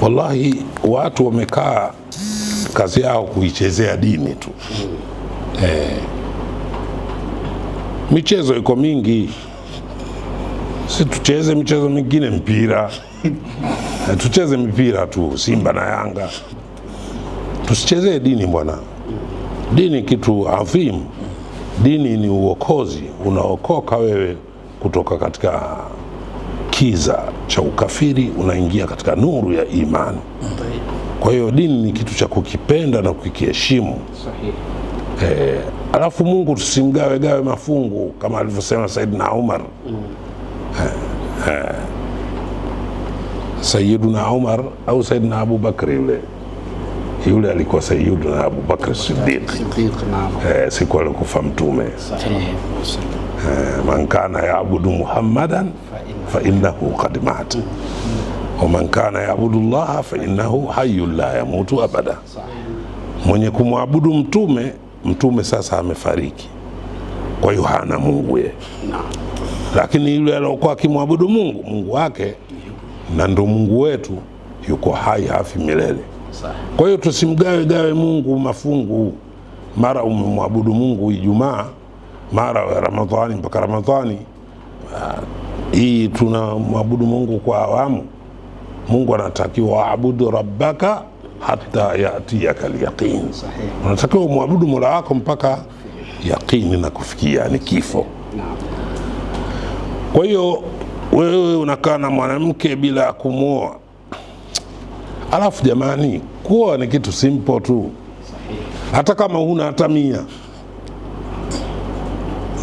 Wallahi, watu wamekaa kazi yao kuichezea dini tu mm. eh, michezo iko mingi, si tucheze michezo mingine, mpira eh, tucheze mipira tu, Simba na Yanga, tusichezee dini bwana. Dini kitu adhimu, dini ni uokozi, unaokoka wewe kutoka katika kiza cha ukafiri unaingia katika nuru ya imani. Kwa hiyo dini ni kitu cha kukipenda na kukiheshimu. Eh, alafu Mungu tusimgawegawe mafungu kama alivyosema Saidina Umar mm. eh, eh. Sayiduna Umar au Saidina Abubakri yule yule alikuwa Sayiduna Abubakri Siddiq, eh, siku alikufa Mtume. Eh, man kana yabudu muhammadan fa innahu qad mata wa man kana yabudu llaha fa innahu hayyun la yamutu abada, mwenye kumwabudu mtume, mtume sasa amefariki, kwa hiyo hana Mungu ye, lakini yule aliyokuwa akimwabudu Mungu, Mungu wake na ndo Mungu wetu yuko hai, hafi milele. Kwa hiyo tusimgawegawe Mungu mafungu, mara umemwabudu Mungu Ijumaa mara wa Ramadhani mpaka Ramadhani. Ah, hii tuna mwabudu Mungu kwa awamu. Mungu anatakiwa waabudu rabbaka hata yatiyaka lyaqin, unatakiwa umwabudu mola wako mpaka yaqini na kufikia ni kifo. Kwa hiyo wewe unakaa na mwanamke bila ya kumwoa, alafu jamani, kuoa ni kitu simple tu, hata kama huna hata mia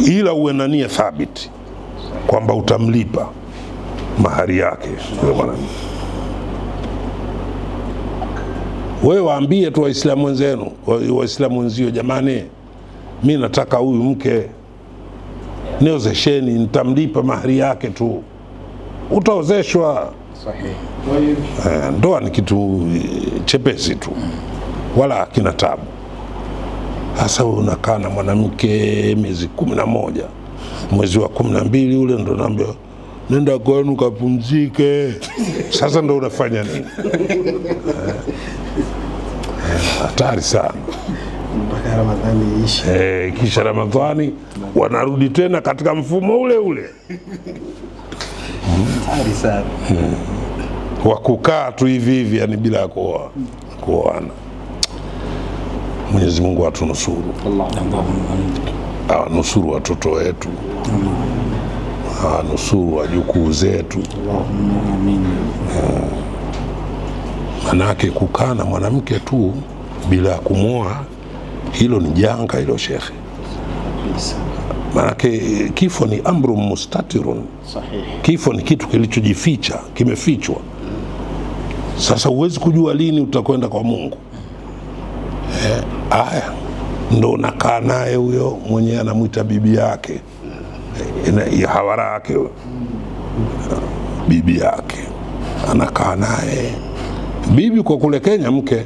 ila uwe na nia thabiti kwamba utamlipa mahari yake yule mwanamke. Wewe waambie tu Waislamu wenzenu, Waislamu wenzio, jamani, mi nataka huyu mke niozesheni, nitamlipa mahari yake tu. Utaozeshwa. Sahihi. Eh, ndoa ni kitu chepesi tu, wala kina tabu hasa wewe unakaa na mwanamke miezi kumi na moja mwezi wa kumi na mbili ule ndo naambia nenda kwenu kapumzike. Sasa ndo unafanya nini? Eh, hatari sana mpaka Ramadhani iishe. Eh, kisha Ramadhani wanarudi tena katika mfumo ule ule hatari sana hmm. wa kukaa tu hivi hivi, yani bila kuoa kuoana. Mwenyezi Mungu atunusuru, anusuru ah, watoto wetu, anusuru ah, wajukuu zetu, ah. manake kukaa na mwanamke tu bila ya kumwoa, hilo ni janga hilo shekhe, manake kifo ni amru mustatirun Kifo ni kitu kilichojificha, kimefichwa. Sasa huwezi kujua lini utakwenda kwa Mungu eh. Aya, ndo unakaa naye huyo mwenye anamwita bibi yake hawara yake, bibi yake anakaa naye bibi kwa kule Kenya mke